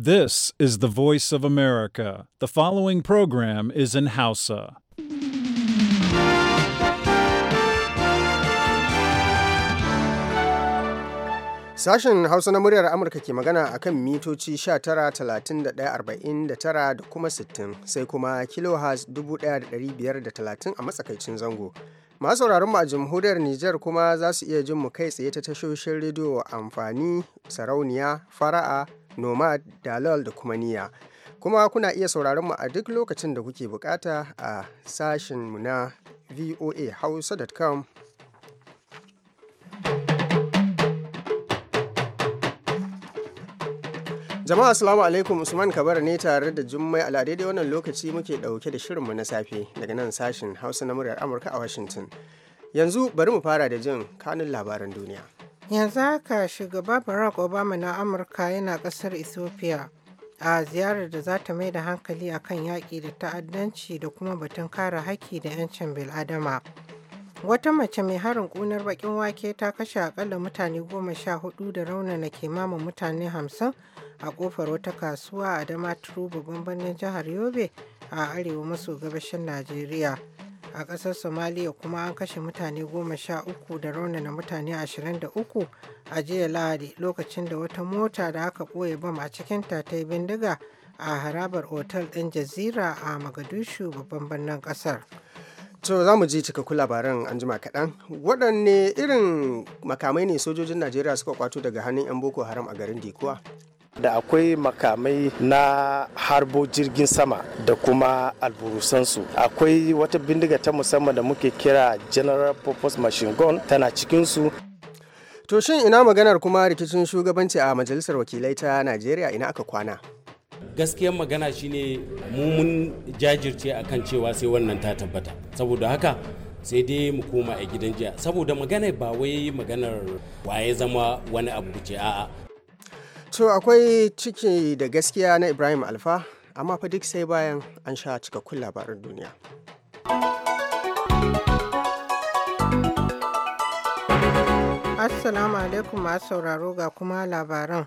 This is the voice of America. The following program is in Hausa. Sashen Hausa na muryar Amurka ke magana a kan mitoci 19,31,49 da kuma 60 sai kuma kilohertz 1,530 a matsakaicin zango. Masu sauraron mu a jamhuriyar Nijar kuma za su iya jin mu kai tsaye ta tashoshin rediyo amfani, sarauniya, fara'a, nomad dalal da kuma niya kuma kuna iya sauraron mu a duk lokacin da kuke bukata a sashen mu na voahausa.com jama'a assalamu alaikum usman kabara ne tare da jummai a daidai wannan lokaci muke dauke da shirinmu na safe daga nan sashen hausa na muryar amurka a washington yanzu bari mu fara da jin kanun labaran duniya Yanzu haka Shugaba Barack Obama na Amurka yana ƙasar Ethiopia a ziyarar da za ta mai da hankali a kan yaƙi da ta'addanci da kuma batun kare haƙƙi da 'yancin bil'adama. Wata mace mai harin ƙunar baƙin wake ta kashe akalla mutane goma sha hudu da raunana kimanin mutane hamsin a ƙofar wata kasuwa a Damaturu babban birnin jihar Yobe a arewa maso gabashin Najeriya. a ƙasar somaliya kuma an kashe mutane goma sha uku da raunana mutane ashirin da uku a jiya lahadi lokacin da wata mota da aka ɓoye bam a cikin ta yi bindiga a harabar otal ɗin jazira a magadishu babban birnin ƙasar to za mu ji cikakku labaran an jima kaɗan waɗanne irin makamai ne sojojin najeriya suka kwato daga hannun 'yan boko haram a garin dikuwa da akwai makamai na harbo jirgin sama da kuma alburusansu akwai wata bindiga ta musamman da muke kira general purpose machine gun tana cikinsu to shin ina maganar kuma rikicin shugabanci a majalisar wakilai ta najeriya ina aka kwana gaskiyar magana shine mu mun jajirce kan cewa sai wannan ta tabbata saboda haka sai dai mu koma a gidan jiya saboda magana ba wai maganar waye zama wani abu ce a'a To akwai ciki da gaskiya na Ibrahim Alfa, amma fa duk sai bayan an sha cikakkun labaran duniya. Assalamu alaikum masu sauraro ga kuma labaran.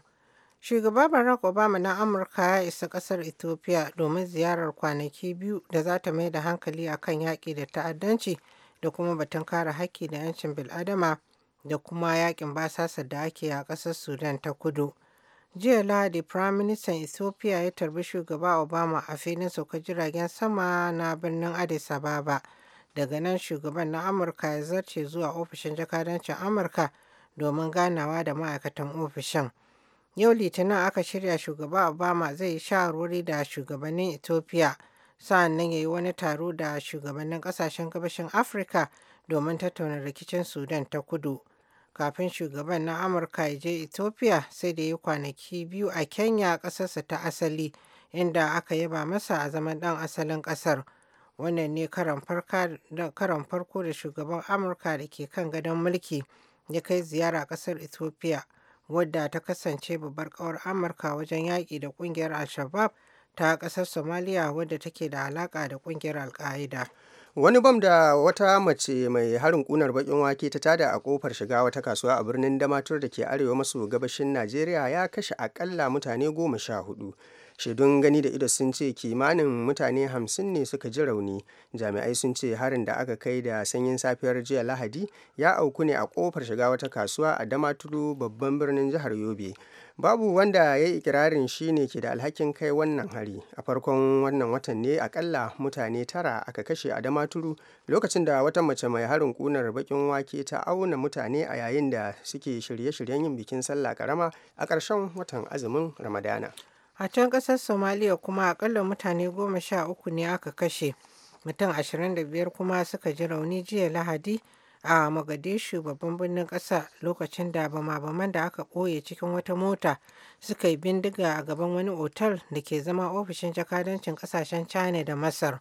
Shugaba Barack Obama na Amurka ya isa ƙasar Ethiopia domin ziyarar kwanaki biyu da za ta mai da hankali a kan yaƙi da ta'addanci da kuma batun kare haƙƙi da 'yancin bil'adama da kuma yaƙin basasar da ake a ƙasar Sudan ta kudu. Jiya Lahadi, Firaministan Ethiopia ya tarbi Shugaba Obama a filin sauka jiragen sama na birnin Addis Ababa. Daga nan shugaban na Amurka ya zarce zuwa ofishin jakadancin Amurka domin ganawa da ma'aikatan ofishin. Yau Litinin aka shirya Shugaba Obama zai yi shawarwari da shugabannin Ethiopia, sa'annan ya yi wani taro da shugabannin kasashen gabashin Afirka domin tattauna rikicin Sudan ta kudu. kafin shugaban na amurka ya je ethiopia sai da ya kwanaki biyu a kenya ƙasarsa ta asali inda aka yaba masa a zaman ɗan asalin ƙasar wannan ne karan farko da shugaban amurka da ke kan gadon mulki ya kai ziyara ƙasar ethiopia wadda ta kasance babbar kawar amurka wajen yaƙi da ƙungiyar al-shabab ta ƙasar somalia wadda take da alaƙa da ƙungiyar al-qaida wani bam da wata mace mai harin kunar bakin wake ta tada a kofar shiga wata kasuwa a birnin damatur da ke arewa maso gabashin najeriya ya kashe akalla mutane goma sha hudu shaidun gani da ido sun ce kimanin mutane hamsin ne suka ji rauni jami'ai sun ce harin da aka kai da sanyin safiyar jiya lahadi ya auku ne a kofar shiga wata kasuwa a damaturu babban birnin jihar yobe babu wanda ya yi ikirarin shi ne ke da alhakin kai wannan hari a farkon wannan watan ne akalla mutane tara aka kashe a damaturu lokacin da wata mace mai harin kunar bakin wake ta auna mutane a yayin da suke shirye-shiryen yin bikin sallah karama a ƙarshen watan azumin ramadana A can ƙasar Somaliya kuma akalla mutane goma sha uku ne aka kashe, mutum ashirin da biyar kuma suka ji rauni jiya Lahadi a Mogadishu babban birnin ƙasa lokacin da bama-baman da aka ɓoye cikin wata mota suka yi bindiga a gaban wani otal da ke zama ofishin jakadancin ƙasashen China da Masar.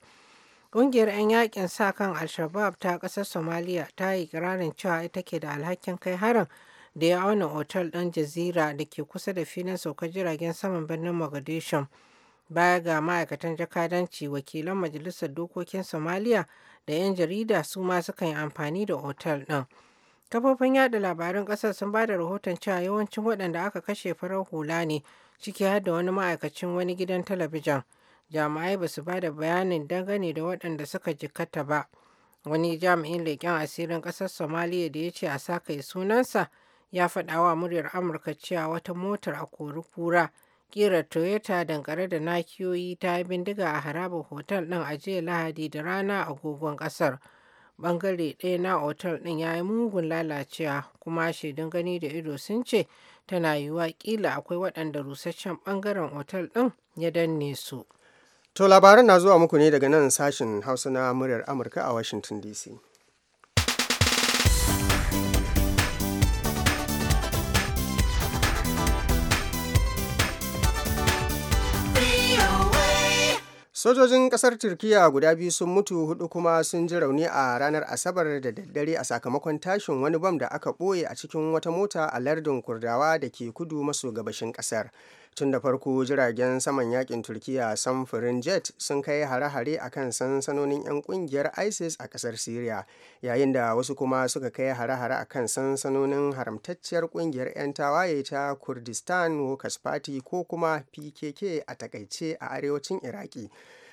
Ƙungiyar 'yan yakin sa kan Al-Shabaab ta ƙasar Somaliya ta yi kirarin cewa ita ke da alhakin kai harin da ya auna otal ɗin jazira da ke kusa da filin saukar jiragen saman birnin mogadishu baya ga ma'aikatan jakadanci wakilan majalisar dokokin somaliya da 'yan jarida su ma sukan yi amfani da otal ɗin kafofin yada labaran ƙasar sun ba da rahoton cewa yawancin waɗanda aka kashe farar hula ne ciki har da wani ma'aikacin wani gidan talabijin jami'ai ba su ba da bayanin dangane da waɗanda suka jikkata ba wani jami'in leƙen asirin ƙasar somaliya da ya ce a sa kai sunansa ya faɗa wa muryar amurka cewa wata motar a kori kura ƙirar toyota dangare da nakiyoyi ta yi bindiga a harabar hotel ɗin a jiya lahadi da rana a gogon ƙasar ɓangare ɗaya na otal ɗin ya yi mugun lalacewa kuma shaidun gani da ido sun ce tana yiwuwa ƙila akwai waɗanda rusasshen ɓangaren otal ɗin ya danne su. To labaran na zuwa muku ne daga nan sashen Hausa na muryar Amurka a Washington DC. sojojin ƙasar Turkiyya guda biyu sun mutu hudu kuma sun ji rauni a ranar asabar da daddare a sakamakon tashin wani bam da aka ɓoye a cikin wata mota a lardin kurdawa da ke kudu maso gabashin ƙasar. tun da farko jiragen saman yakin turkiya samfurin jet sun kai hare-hare a kan sansanonin 'yan kungiyar isis a kasar syria yayin da wasu kuma suka kai hare-hare a kan sansanonin haramtacciyar kungiyar 'yan tawaye ta kurdistan workers party ko kuma pkk a takaice a arewacin iraki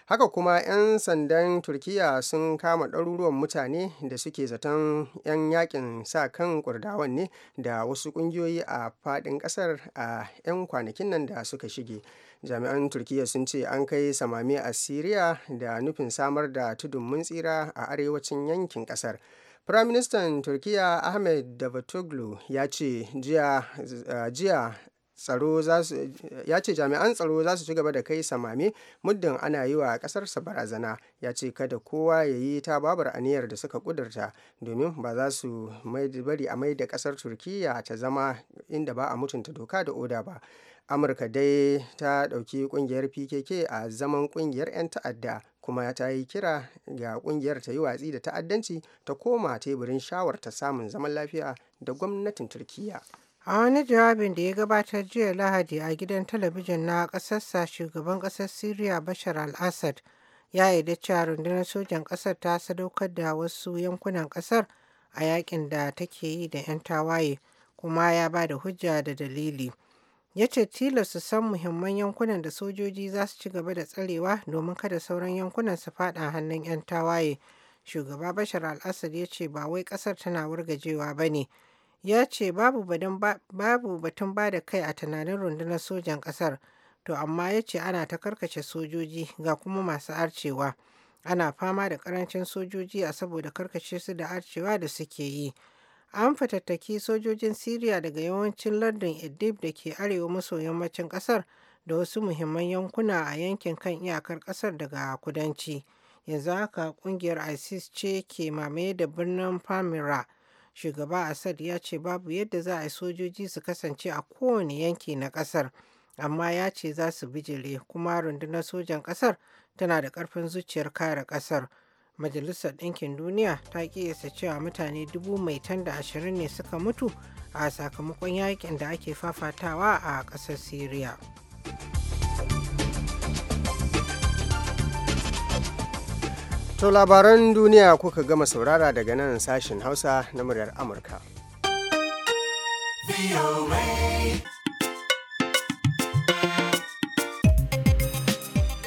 haka kuma 'yan sandan turkiya sun kama ɗaruruwan mutane da suke zaton 'yan yakin sa kan kurdawan ne da wasu ƙungiyoyi a faɗin ƙasar a 'yan kwanakin nan da suka shige jami'an turkiya sun ce an kai samami a siriya da nufin samar da tudun mun tsira a arewacin yankin ƙasar Firaministan turkiya Ahmed Davutoglu ya ce jiya tsaro za su ya ce jami'an tsaro za su ci gaba da kai samami muddin ana yi wa ƙasarsa barazana ya ce kada kowa ya yi ta babar aniyar da suka kudurta domin ba za su bari a mai da ƙasar turkiya ta zama inda ba a mutunta doka da oda ba amurka dai ta ɗauki ƙungiyar pkk a zaman ƙungiyar 'yan ta'adda kuma ta yi kira ga ƙungiyar ta yi watsi da ta'addanci ta koma teburin shawar ta samun zaman lafiya da gwamnatin turkiya A wani jawabin da ya gabatar jiya Lahadi a gidan talabijin na ƙasarsa, shugaban ƙasar Siriya Bashar al-Assad ya yarda cewa rundunar sojan ƙasar ta sadaukar da wasu yankunan ƙasar a yakin da take yi da 'yan tawaye kuma ya ba da hujja da dalili. Ya ce tilasta san muhimman yankunan da sojoji za su ci gaba da tsarewa domin kada sauran yankunan su faɗa hannun 'yan tawaye. Shugaba Bashar al-Assad ya ce ba wai ƙasar tana wargajewa ba ne. ya ce babu batun ba da kai a tunanin rundunar sojan ƙasar to amma ya ce ana ta karkace sojoji ga kuma masu arcewa ana fama da karancin sojoji a saboda karkace su da arcewa da suke yi an fatattaki sojojin syria daga yawancin lardin idlib da ke arewa maso yammacin ƙasar da wasu muhimman yankuna a yankin kan iyakar ƙasar daga kudanci yanzu haka kungiyar isis ce ke mamaye da birnin palmyra shugaba assad ya ce babu yadda za a yi sojoji su kasance a kowane yanki na kasar amma ya ce za su bijire kuma rundunar sojan kasar tana da karfin zuciyar kare kasar majalisar ɗinkin duniya ta kiyasta cewa mutane dubu mai tan da ashirin ne suka mutu a sakamakon yakin da ake fafatawa a ƙasar syria To labaran duniya kuka gama saurara daga nan sashen Hausa na muryar Amurka.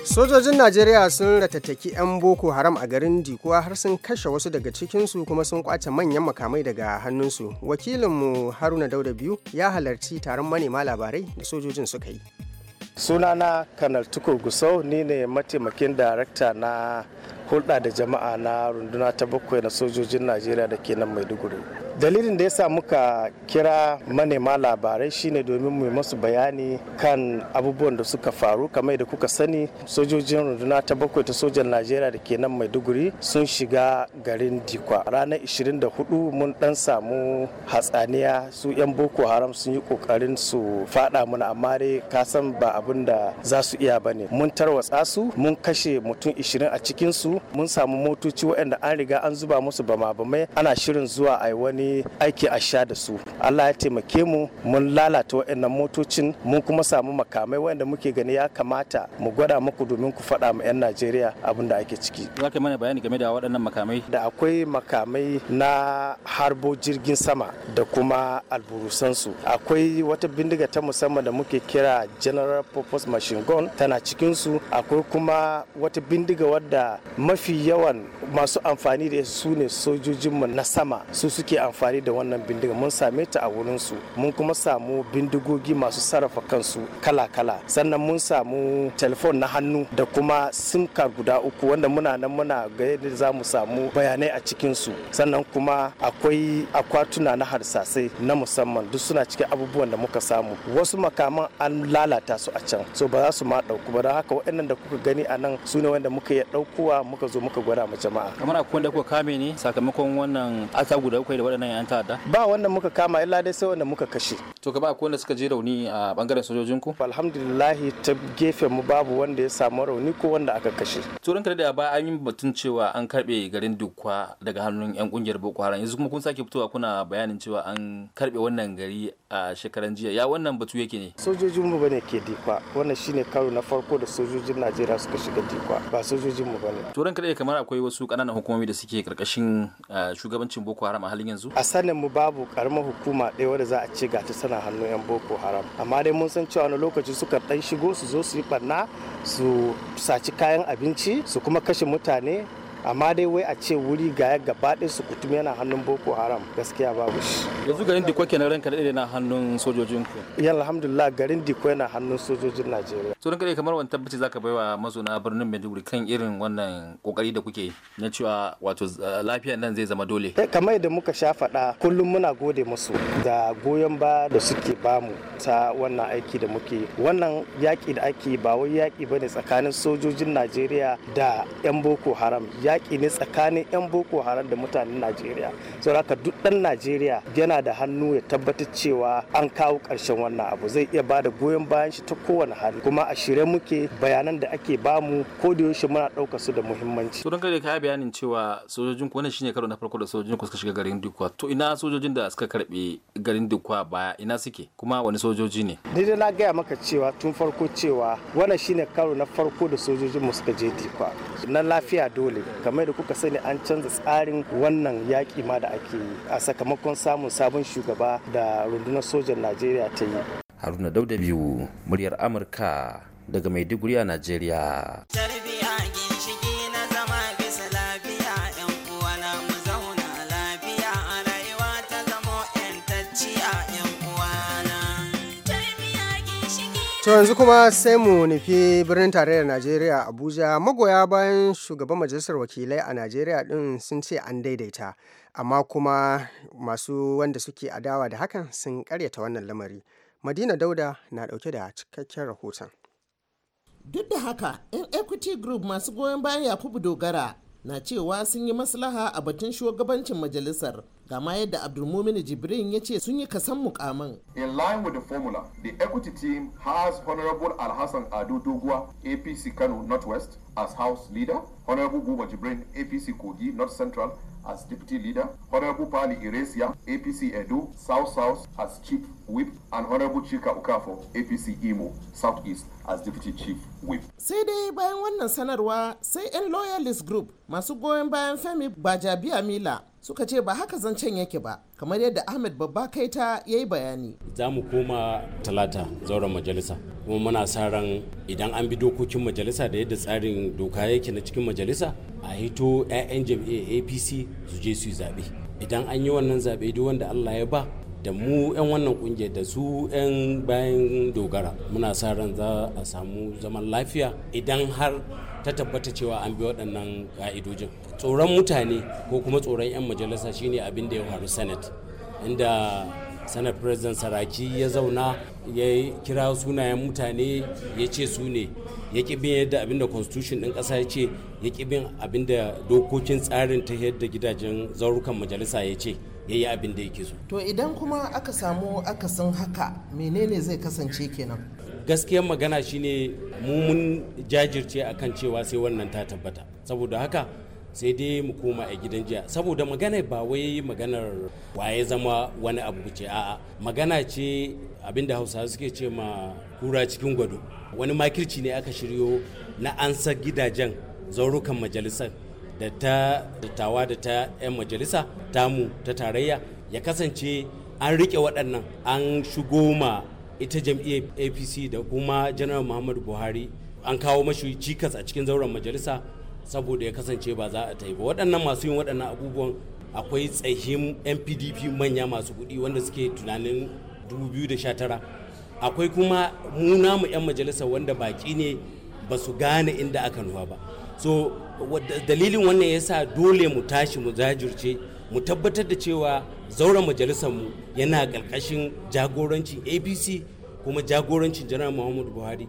Sojojin Najeriya sun ratattaki 'yan Boko Haram a garin Dikuwa har sun kashe wasu daga cikinsu kuma sun kwace manyan makamai daga hannunsu. Wakilinmu Haruna Dauda biyu ya halarci taron manema labarai da sojojin suka yi. Sunana Kanar Tukur Gusau ni ne mataimakin darakta na hulɗa da jama'a na runduna ta bakwai na sojojin najeriya da ke nan maiduguri dalilin da ya sa muka kira manema labarai shine domin mu masu bayani kan abubuwan da suka faru kamar da kuka sani sojojin runduna ta bakwai ta sojan najeriya da ke nan maiduguri sun shiga garin dikwa ranar 24 mun dan samu hatsaniya su 'yan boko haram sun yi kokarin su fada mana amma dai san ba abin da za su iya ba ne. mun tarwatsa su mun kashe mutum 20 a cikinsu su mun samu motoci waɗanda an riga an zuba musu bama-bamai ana shirin zuwa a yi wani aiki a sha da su allah ya taimake mu mun lalata waɗannan motocin mun kuma samu makamai waɗanda muke gani ya kamata mu gwada muku domin ku faɗa ma 'yan najeriya abin da ake ciki za ka mana bayani game da waɗannan makamai da akwai makamai na harbo jirgin sama da kuma alburusansu akwai wata bindiga ta musamman da muke kira general purpose machine gun tana cikinsu akwai kuma wata bindiga wadda mafi yawan masu amfani da su ne sojojinmu na sama su suke amfani da wannan bindiga mun same ta a wurinsu mun kuma samu bindigogi masu sarrafa kansu kala-kala sannan mun samu telefon na hannu da kuma sim card guda uku wanda muna nan muna ga yadda za mu samu bayanai a cikinsu sannan kuma akwai akwatuna na harsasai na musamman duk suna cikin abubuwan da muka samu wasu makaman an lalata su a can so ba za su ma ɗauku ba don haka waɗannan da kuka gani a nan su ne wanda muka iya ɗaukuwa muka zo muka gwada ma jama'a kamar akwai da kuka kame ne sakamakon wannan aka guda kuka da waɗannan yan ta'adda ba wanda muka kama illa dai sai wanda muka kashe to ka ba akwai wanda suka je rauni a bangaren sojojin ku alhamdulillah ta gefe mu babu wanda ya samu rauni ko wanda aka kashe ranka da ba an yi batun cewa an karbe garin Dukwa daga hannun yan kungiyar Boko Haram yanzu kuma kun sake fitowa kuna bayanin cewa an karbe wannan gari a shekaran jiya ya wannan batu yake ne sojojin mu bane ke Dikwa wannan shine karo na farko da sojojin Najeriya suka shiga Dikwa ba sojojin mu bane turan kaɗai kamar akwai wasu ƙananan hukumomi da suke karkashin shugabancin boko haram a halin yanzu a mu babu karamar hukuma ɗaya wadda za a ce ga ta sana hannun yan boko haram amma dai mun san cewa wani lokaci suka ɗan shigo su zo su yi barna su saci kayan abinci su kuma kashe mutane amma dai wai a ce wuri ga ya gaba ɗaya su kutum yana hannun boko haram gaskiya babu shi yanzu garin diko kenan ranka da na hannun sojojin ku ya alhamdulillah garin diko yana hannun sojojin najeriya to ranka kamar wani tabbaci zaka bai wa mazauna birnin maiduguri kan irin wannan kokari da kuke na cewa wato eh, lafiyar nan zai zama dole eh, kamar yadda muka sha faɗa kullum muna gode musu da goyon ba da suke bamu ta wannan aiki da muke wannan yaƙi da ake ba wai yaƙi bane tsakanin sojojin najeriya da 'yan boko haram yaƙi ne tsakanin 'yan boko haram da mutanen najeriya saboda duk ɗan najeriya yana da hannu ya tabbatar cewa an kawo ƙarshen wannan abu zai iya ba da goyon bayan shi ta kowane hali kuma a shirye muke bayanan da ake bamu ko da yaushe muna ɗauka su da muhimmanci. to don kai bayanin cewa sojojin ku wannan shine karo na farko da sojojin ku suka shiga garin dukwa to ina sojojin da suka karbe garin dukwa baya ina suke kuma wani sojoji ne. ni dai na gaya maka cewa tun farko cewa wannan shine karo na farko da sojojin mu suka je dukwa na lafiya dole kamar da kuka sani an canza tsarin wannan yaƙi ma da ake yi a sakamakon samun sabon shugaba da rundunar sojan najeriya ta yi haruna dauda biyu muryar amurka daga maiduguri a najeriya so yanzu kuma sai mu nufi birnin tarayyar Najeriya Abuja magoya bayan shugaban majalisar wakilai a Najeriya din sun ce an daidaita amma kuma masu wanda suke adawa da hakan sun karyata wannan lamari. Madina Dauda na dauke da cikakken rahoton. Duk da haka, 'yan Equity Group masu goyon bayan Yakubu Dogara na cewa sun yi maslaha a batun shugabancin majalisar gama yadda abdulmumin jibrin ya ce sun yi kasan mukamin. in line with the formula the equity team has honorable alhassan ado doguwa apc kano northwest as house leader honorable buba jibrin apc kogi north central as deputy leader honorable pali iresia apc edo south south as chief whip and honorable chika okafo apc imo southeast as deputy chief whip. sai dai bayan wannan sanarwa sai 'yan loyalist group masu goyon bayan femi bajabiya mila suka ce ba haka zancen yake ba kamar yadda ahmed babba kaita ya yi bayani za mu koma talata zauren majalisa kuma muna sa ran idan an bi dokokin majalisa da yadda tsarin doka yake na cikin majalisa a hito 'ya'yan jam'iyyar apc su je su yi zaɓe idan an yi wannan zaɓe duk wanda allah ya ba da mu 'yan wannan kungiyar da su 'yan bayan dogara muna sa ran za a samu zaman lafiya idan har ta tabbata cewa an bi waɗannan ka'idojin tsoron mutane ko kuma tsoron 'yan majalisa shine abin da ya faru senate inda senate president saraki ya zauna ya kira sunayen mutane ya ce su ne ya ƙi bin yadda abin da constitution ɗin ƙasa ya ce ya ƙi bin abin da dokokin tsarin ta yadda gidajen zaurukan majalisa ya ce ya yi abin da yake so to idan kuma aka samu akasin haka menene zai kasance kenan gaskiyar magana shine mu jajirce akan cewa sai wannan ta tabbata saboda haka sai dai mu koma a gidan jiya saboda magana ba wai maganar waye zama wani abu ce a'a magana ce abinda hausa suke ce ma kura cikin gwado wani makirci ne aka shiryo na ansa gidajen zaurukan majalisar da ta dattawa da ta 'yan majalisa tamu ta tarayya ya kasance an rike waɗannan an shigo ma ita jam'iyyar apc da kuma janar muhammadu buhari an kawo mashi cikas a cikin zauren majalisa saboda ya kasance ba za a ta yi ba waɗannan masu yin waɗannan abubuwan akwai tsahin npdp manya masu kuɗi wanda suke tunanin 2019 akwai kuma mu 'yan majalisa wanda baki ne ba su gane inda aka nufa ba so dalilin wannan ya sa dole mu tashi mu jajirce mu tabbatar da cewa zauren mu yana ƙarƙashin jagorancin apc kuma jagorancin janar muhammadu buhari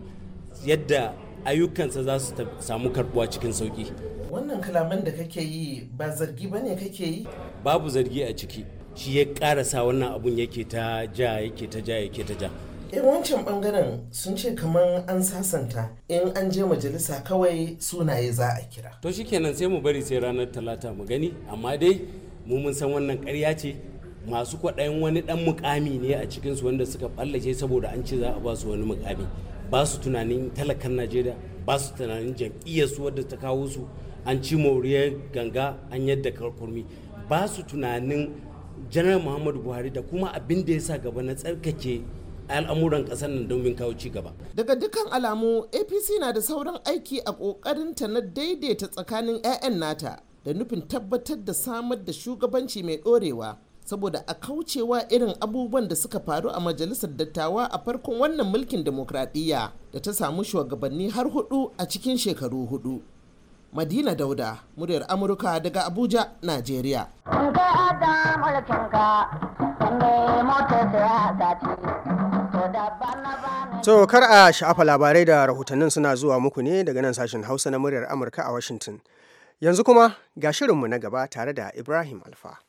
yadda ayyukansa za su samu karbuwa cikin sauki wannan kalaman da kake yi ba zargi ba ne kake yi babu zargi a ciki shi ya karasa wannan abun yake ta ja yake ta ja yake ta ja in wancan bangaren sun ce kamar an sasanta in an je majalisa kawai sunaye za a kira to kenan sai mu bari sai ranar talata mu gani amma dai mu mun san wannan karya ce masu kwaɗayin wani ɗan mukami ne a cikinsu wanda suka ɓallace saboda an ce za a ba su wani mukami ba su tunanin talakan najeriya ba su tunanin jam'iyyar su wadda ta kawo su an ci moriyar ganga an yadda karkurmi ba su tunanin janar muhammadu buhari da kuma abin da ya sa gaba na tsarkake al'amuran kasar nan domin kawo ci gaba. Daga dukkan alamu APC na da sauran aiki a ta na daidaita tsakanin 'ya'yan nata da nufin tabbatar da samar da shugabanci mai ɗorewa saboda a kaucewa irin abubuwan da suka faru a majalisar dattawa a farkon wannan mulkin demokradiyya da ta samu shugabanni har hudu a cikin shekaru hudu. Madina Dauda, muryar Amurka daga Abuja, Najeriya. mulkinka, motar siyasa ce. To kar a sha'afa labarai da rahotannin suna zuwa muku ne daga nan sashen Hausa na muryar Amurka a Washington. Yanzu kuma ga shirinmu na gaba tare da Ibrahim Alfa.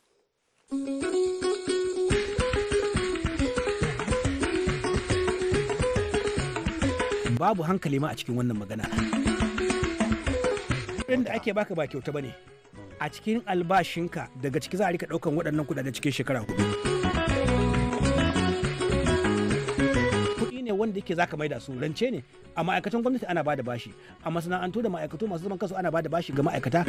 Babu hankali ma a cikin wannan magana. Inda ake baka ba kyauta ba ne, A cikin albashinka daga ciki za a rika daukan waɗannan kudaden cikin shekara hudu. da yake zaka maida su rance ne a ma'aikatan gwamnati ana bada bashi a masana'antu da ma'aikatu masu zaman kansu ana bada bashi ga ma'aikata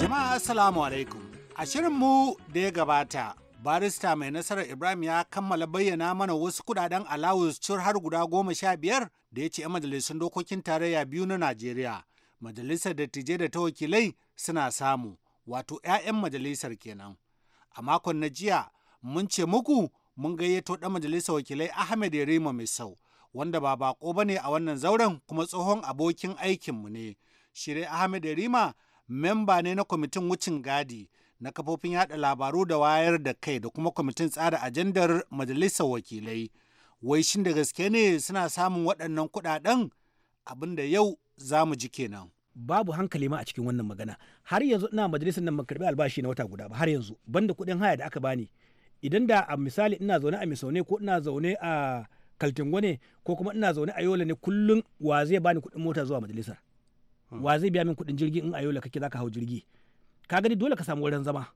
jama'a asalamu alaikum a shirin mu da ya gabata barista mai nasarar ibrahim ya kammala bayyana mana wasu kudaden alawus cur har guda goma sha biyar da ya ce 'yan majalisun dokokin tarayya biyu na najeriya majalisar dattijai da ta wakilai suna samu wato 'ya'yan majalisar kenan a makon na jiya mun ce muku mun gayyato ɗan majalisar wakilai Ahmed Yarima mai sau wanda ba bako ba ne a wannan zauren kuma tsohon abokin aikinmu ne. Shire Ahmed Yarima memba ne na kwamitin wucin gadi na kafofin yada labaru da wayar da kai da kuma kwamitin tsara ajandar majalisar wakilai. Wai shin da gaske ne suna samun waɗannan kuɗaɗen abin da yau za mu ji kenan. babu hankali ma a cikin wannan magana har yanzu ina majalisar nan ban karbi albashi na wata guda ba har yanzu banda kuɗin haya da aka bani idan da a misali ina zaune a misaune ko ina zaune a kaltingo ne ko kuma ina zaune a yola ne kullum wa zai bani kuɗin mota zuwa majalisar hmm. wa zai biya min kuɗin jirgi in a yola kake zaka hau jirgi ka gani dole ka samu wurin zama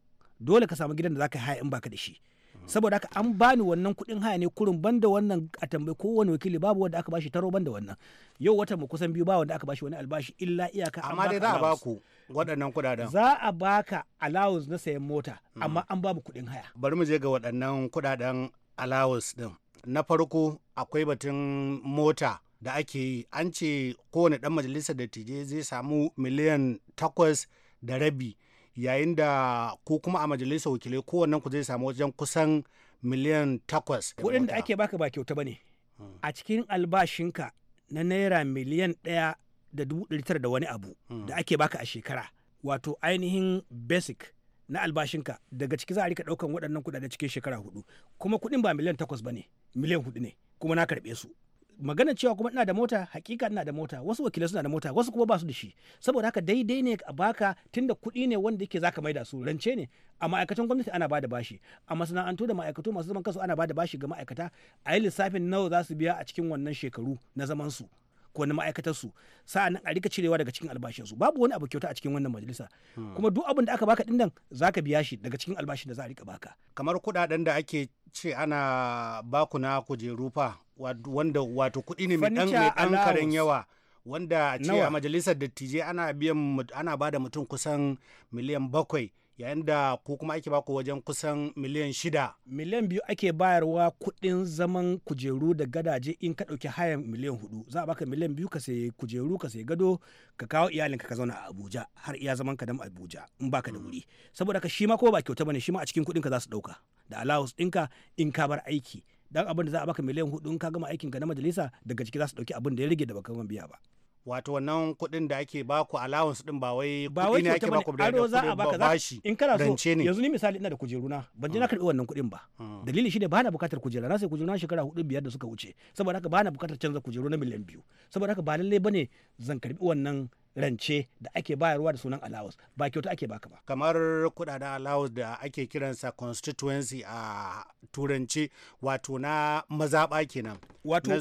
dole ka samu gidan da zaka haya in baka da shi saboda haka an bani wannan kuɗin haya ne kurin banda wannan a tambayi kowane wakili babu wanda aka bashi taro banda wannan yau wata mu kusan biyu ba wanda aka bashi wani albashi illa iyaka amma dai za a baku waɗannan kuɗaɗen za a baka allowance na sayan mota hmm. amma an babu kuɗin haya bari mu je ga waɗannan kuɗaɗen allowance din na farko akwai batun mota da ake yi an ce kowane ɗan majalisar dattijai zai samu miliyan takwas da rabi yayin da ko kuma a majalisar wakilai kowannen ku zai samu wajen kusan miliyan takwas. Kuɗin da ake baka ba kyauta ba ne. A cikin albashinka na naira miliyan ɗaya da dubu ɗari da wani abu hmm. da ake baka a shekara. Wato ainihin basic na albashinka daga ciki za a rika ɗaukan waɗannan kuɗaɗe cikin shekara hudu. Kuma kuɗin ba miliyan takwas ba ne, miliyan hudu ne, kuma na karɓe su. magana cewa kuma ina da mota hakika ina da mota wasu wakilai suna da mota wasu kuma ba su da shi saboda haka daidai ne a baka tunda kuɗi ne wanda yake zaka maida su rance ne a ma'aikatan gwamnati ana bada bashi a masana'antu da ma'aikatu masu zaman kansu ana bada bashi ga ma'aikata a yi lissafin nawa za su biya a cikin wannan shekaru na zaman su ko na ma'aikatar su sa'an a rika cirewa daga cikin albashin su babu wani abu kyauta a cikin wannan majalisa hmm. kuma duk abin da aka baka din nan zaka biya shi daga cikin albashin da za a rika baka kamar kuɗaɗen da ake ce ana baku na kujeru fa wanda wato kuɗi ne mai ɗan karen yawa wanda ce a majalisar dattijai ana biyan ana bada mutum kusan miliyan bakwai yayin da ku kuma ake baku wajen kusan miliyan shida. Miliyan biyu ake bayarwa kuɗin zaman kujeru da gadaje in ka ɗauki hayan miliyan hudu za a baka miliyan biyu ka sai kujeru ka sai gado ka kawo iyalinka ka zauna a Abuja har iya zaman ka Abuja in baka da wuri saboda ka shi ma ko ba kyauta bane shi ma a cikin kuɗin ka za su ɗauka da allowance ɗinka in ka bar aiki dan abin da za a baka miliyan hudu in ka gama aikin ka na majalisa daga ciki za su ɗauki abin da ya rage da baka biya ba. wato wannan kuɗin da ake ku allowance din ba wai kuɗi ne ake baku da za a ba in kana so yanzu ni misali ina da kujeruna ban je na ah. karbi wannan kuɗin ba ah. dalili shine ba na bukatar kujera na sai kujeruna shekara hudu biyar da suka wuce saboda haka ba na bukatar canza kujeru na miliyan biyu saboda haka ba lalle bane zan karbi wannan rance da ake bayarwa da sunan allowance ba kyauta ake baka ba kamar kudaden allowance da ake kiransa constituency a turanci wato na mazaba kenan wato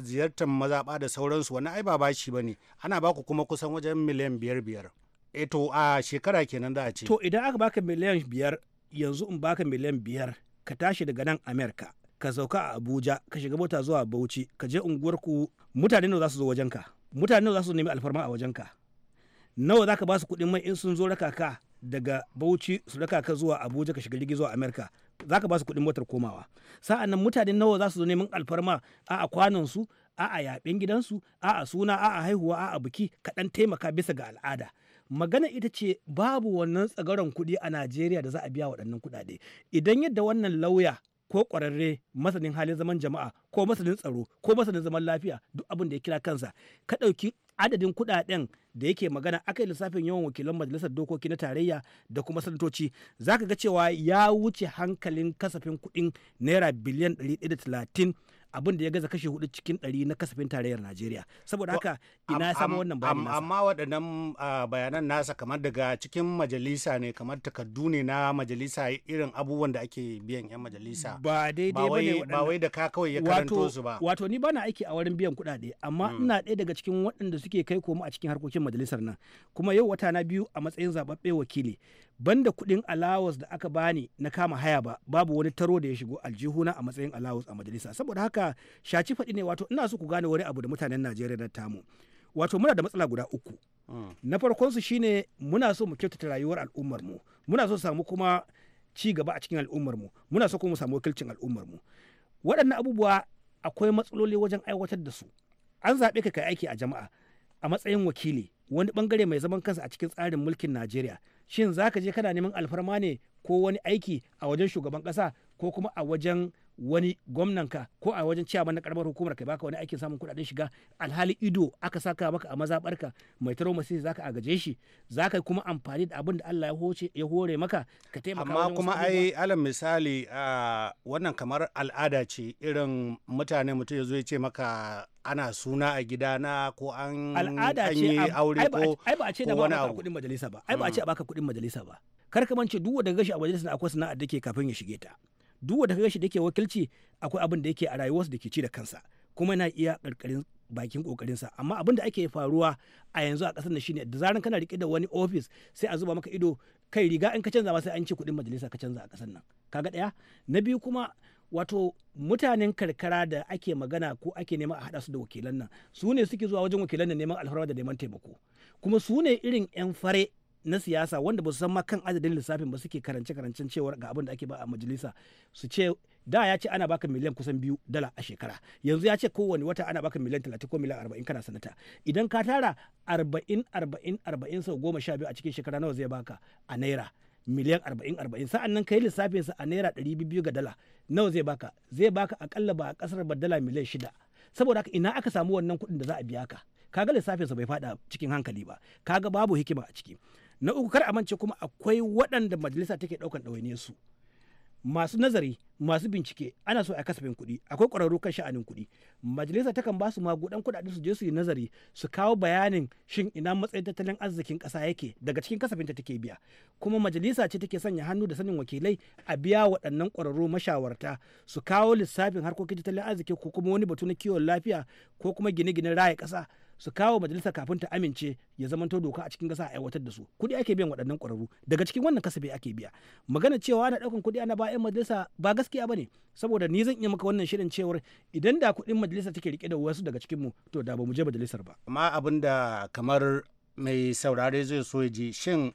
ziyartar mazaɓa da sauransu wani ai ba bashi bane ana baku kuma kusan wajen miliyan biyar biyar eto eh a shekara kenan da a ce to idan aka baka miliyan biyar yanzu in baka miliyan biyar ka tashi daga nan amerika ka sauka a abuja ka shiga mota zuwa bauchi ka je unguwarku mutane ne za su zo ka. mutane za su nemi alfarma a wajenka nawa za ka ba su kuɗin mai in sun zo raka ka daga bauchi su raka ka zuwa abuja ka shiga jirgi zuwa amerika za ka ba su kuɗin motar komawa sa'an nan mutane nawa za su zo neman alfarma a a kwanan su a a yaɓen gidansu a a suna a a haihuwa a a biki kaɗan taimaka bisa ga al'ada magana ita ce babu wannan tsagaron kuɗi a najeriya da za a biya waɗannan kuɗaɗe idan yadda wannan lauya ko ƙwararre masanin halin zaman jama'a ko masanin tsaro ko masanin zaman lafiya duk abin da ya kira kansa ka ɗauki adadin kuɗaɗen da yake magana aka yi lissafin yawan wakilan majalisar dokoki na tarayya da kuma sanatoci za ka ga cewa ya wuce hankalin kasafin kuɗin naira biliyan 130 abin da ya gaza kashe hudu cikin ɗari na kasafin tarayyar najeriya saboda haka ina samu wannan bayanan nasa amma waɗannan bayanan nasa kamar daga cikin majalisa ne kamar takardu ne na majalisa irin abubuwan da ake biyan yan majalisa ba daidai ba ne ba wai da ka kawai ya karanto su ba wato ni bana aiki a wurin biyan kuɗaɗe amma hmm. ina ɗaya daga cikin waɗanda suke kai komo a cikin harkokin majalisar nan kuma yau wata na biyu a matsayin zababbe wakili banda kuɗin alawas da aka bani na kama haya ba babu wani taro da ya shigo aljihuna a matsayin allowance a majalisa saboda haka suka shaci faɗi ne wato ina so ku gane wani abu da mutanen najeriya na tamu wato muna da matsala guda uku hmm. na farkon su shine muna so mu kyautata rayuwar al'ummar mu muna so samu kuma ci gaba a cikin al'ummar mu muna so kuma mu samu wakilcin al'ummar mu waɗannan abubuwa akwai matsaloli wajen aiwatar da su an zaɓe ka kai aiki a jama'a a matsayin wakili wani bangare mai zaman kansa a cikin tsarin mulkin Najeriya shin za ka je kana neman alfarma ne ko wani aiki a wajen shugaban ƙasa ko kuma a wajen wani gwamnanka ko a wajen ciyaman na karamar hukumar kai baka wani aikin samun kudaden shiga alhali ido aka saka maka a mazaɓarka mai taro masisi zaka agaje shi zaka kuma amfani da abin da Allah ya hore maka ka taimaka amma kuma ai alal misali wannan kamar al'ada ce irin mutane mutum ya zo ya ce maka ana suna a gidana ko an yi aure ko ai ba a ce da ba ka kuɗin majalisa ba ai ba a ce mm. a baka kuɗin majalisa ba kar ka mance duk wanda gashi a majalisa akwai sana'a da ke kafin ya shige ta duk wanda kaga shi da yake wakilci akwai abin da yake a rayuwarsa da ke ci da kansa kuma yana iya karkarin bakin kokarinsa amma abin da ake faruwa a yanzu a kasar da shine da zaran kana rike da wani ofis sai a zuba maka ido kai riga in ka canza ba sai an ce kuɗin majalisa ka canza a kasar nan kaga ɗaya na biyu kuma wato mutanen karkara da ake magana ko ake nema a haɗa su da wakilan nan su ne suke zuwa wajen wakilan nan neman alfarma da neman taimako kuma su ne irin 'yan fare na siyasa wanda ba su san ma kan adadin lissafin ba suke karance karancen cewar ga abin da ake ba a majalisa su ce da ya ce ana baka miliyan kusan biyu dala a shekara yanzu ya ce kowane wata ana baka miliyan talatin ko miliyan arba'in kana sanata idan ka tara arba'in arba'in arba'in sau goma sha biyu a cikin shekara nawa zai baka a naira miliyan arba'in arba'in sa'an nan yi lissafin sa a naira ɗari biyu ga dala nawa zai baka zai baka akalla ba a kasar ba dala miliyan shida saboda haka ina aka samu wannan kuɗin da za a biya ka kaga lissafinsa bai fada cikin hankali ba kaga babu hikima a ciki na uku kar a kuma akwai waɗanda majalisa take ɗaukan ɗawainiyar su masu nazari masu bincike ana so a kasafin kuɗi akwai ƙwararru kan sha'anin kuɗi majalisa takan ba su magudan kuɗaɗe su je su yi nazari su kawo bayanin shin ina matsayin tattalin arzikin ƙasa yake daga cikin kasafin ta take biya kuma majalisa ce take sanya hannu da sanin wakilai a biya waɗannan ƙwararru mashawarta su kawo lissafin harkokin tattalin arziki ko kuma wani batu na kiwon lafiya ko kuma gine-ginen raya ƙasa su kawo majalisa kafin ta amince ya zamanto doka a cikin gasa a aiwatar da su kuɗi ake biyan waɗannan ƙwararru daga cikin wannan kasafi ake biya magana cewa ana ɗaukan kuɗi ana bayan majalisa ba gaskiya ba ne saboda ni zan iya maka wannan shirin cewar idan da kuɗin majalisa take rike da wasu daga cikin mu to da ba mu je majalisar ba amma abin da kamar mai saurare zai so ya ji shin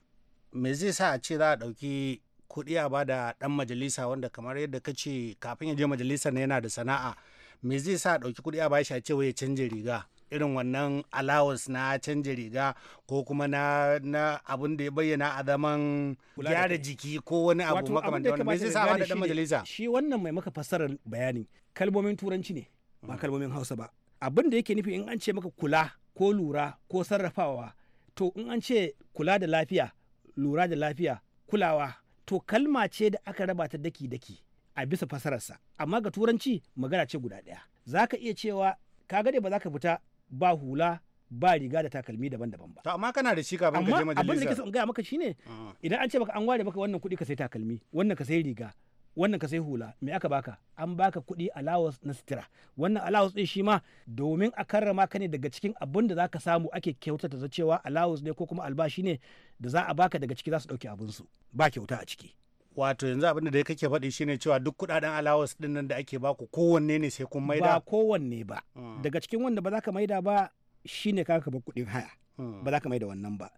me zai sa a ce za a ɗauki kuɗi a bada ɗan majalisa wanda kamar yadda ka ce kafin ya je majalisa ne yana da sana'a me zai sa a ɗauki kuɗi a bashi a ce ya canje riga irin wannan allowance na canja riga ko kuma na abin da ya bayyana a zaman gyara jiki ko wani abu makamanta me sa dan majalisa shi wannan mai maka fassarar bayani kalmomin turanci ne ba mm. kalmomin Hausa ba abin da yake nufi in an ce maka kula ko lura ko sarrafawa to in an ce kula da lafiya lura da lafiya kulawa to kalma ce da aka raba ta daki-daki a bisa fasararsa amma ga turanci magana ce guda ɗaya za ka iya cewa ka gade ba za ka fita ba hula ba riga da takalmi daban-daban ba. To amma kana da shi kafin ka je majalisa. Amma abin da kake gaya maka shine mm. idan an ce maka an ware maka wannan kuɗi ka sai takalmi, wannan ka sai riga, wannan ka sai hula, me aka baka? An baka kuɗi allowance na sitira. Wannan allowance din shi ma domin a karrama ka ne daga cikin abin da zaka samu ake kyautata cewa allowance ne ko kuma albashi ne da za a baka daga ciki za su ɗauke abin su. Ba kyauta a ciki. wato yanzu abin da kake faɗi shine cewa duk kudaden alawas din nan da ake baku kowanne ne sai kun maida ba kowanne ba hmm. daga cikin wanda ba za ka maida ba shine ka ka bar kudin haya hmm. ba za ka maida wannan ba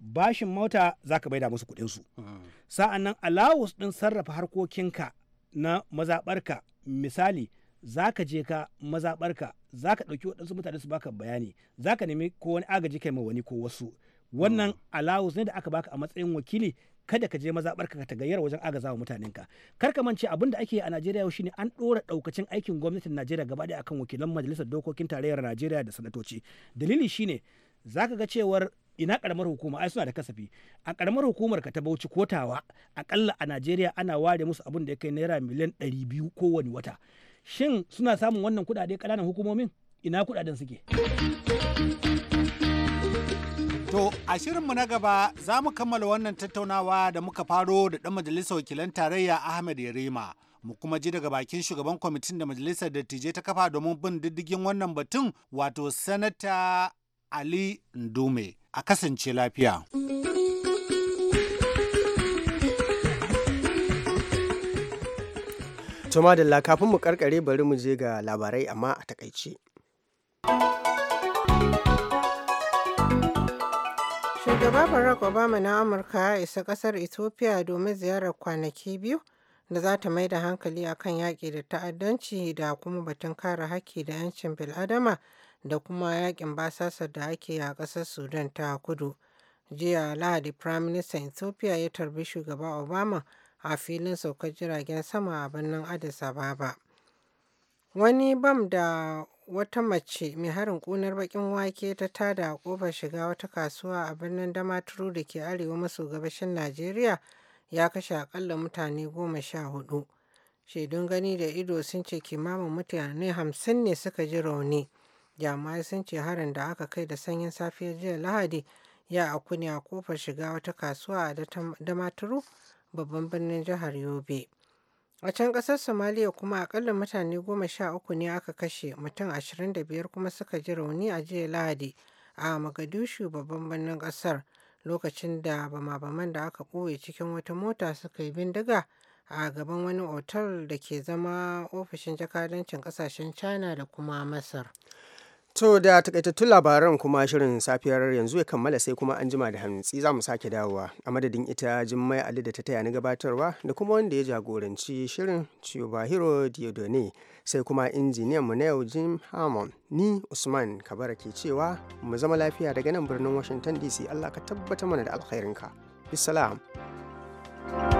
bashin mota za ka maida musu kudin su hmm. sa'an nan allowance din sarrafa harkokin ka na mazabarka misali za ka je ka mazabarka za ka ɗauki waɗansu mutane su baka bayani za ka nemi ko wani agaji kai ma wani ko wasu wannan alawus ne da aka baka a matsayin wakili kada ka je mazabar ka ta gayyar wajen agazawa mutanen ka. kar ka mance abin da ake yi a Najeriya yau shine an ɗora ɗaukacin aikin gwamnatin Najeriya gaba ɗaya akan wakilan majalisar dokokin tarayyar Najeriya da sanatoci dalili shine zaka ga cewar ina karamar hukuma ai suna da kasafi a karamar hukumar ka ta bauchi kotawa akalla a najeriya ana ware musu abun da ya kai naira miliyan 200 wani wata shin suna samun wannan kudade kananan hukumomin ina kudaden suke To, a shirinmu na gaba za mu kammala wannan tattaunawa da muka faro da ɗan majalisar wakilan tarayya Ahmed yarima Mu kuma ji daga bakin shugaban kwamitin da majalisar dattijai ta kafa domin bin diddigin wannan batun wato sanata Ali Ndume. A kasance lafiya. Tuma da kafin mu karkare bari mu je ga labarai amma a takaice. Shugaba Barack Obama na Amurka ya isa kasar Ethiopia domin ziyarar kwanaki biyu da za ta mai da hankali a kan yaƙi da ta'addanci da kuma batun kare haƙƙi da 'yancin bil'adama da kuma yaƙin basasar da ake a ƙasar Sudan ta kudu. Jiya Lahadi Prime Minister Ethiopia ya tarbi shugaba Obama a filin saukar jiragen sama a birnin Addis Ababa. Wani bam da wata mace mai harin ƙunar baƙin wake ta tada a ƙofar shiga wata kasuwa a birnin Damaturu da ke arewa maso gabashin Najeriya ya kashe akalla mutane goma sha hudu. Shaidun gani da ido sun ce kimanin mutane hamsin ne suka ji rauni. Jami'ai sun ce harin da aka kai da sanyin safiyar jiya Lahadi ya a ne a ƙofar shiga wata kasuwa a Damaturu babban birnin jihar Yobe. A can ƙasar Somaliya kuma akalla mutane goma sha uku ne aka kashe mutum ashirin da biyar kuma suka ji rauni a jiya Lahadi a Magadishu babban birnin ƙasar lokacin da bama-baman da aka ɓoye cikin wata mota suka yi bindiga a gaban wani otal da ke zama ofishin jakadancin ƙasashen China da kuma Masar. To da takaitattun labaran kuma shirin safiyar yanzu ya kammala sai kuma an jima da hantsi za mu sake dawowa a madadin ita Jummai Ali da ta taya na gabatarwa da kuma wanda ya jagoranci shirin Chubahiro Diodone sai kuma injiniyan mu na yau Jim hamon ni Usman Kabara ke cewa mu zama lafiya daga nan birnin Washington DC Allah ka tabbata mana da alkhairinka. Bisalam. thank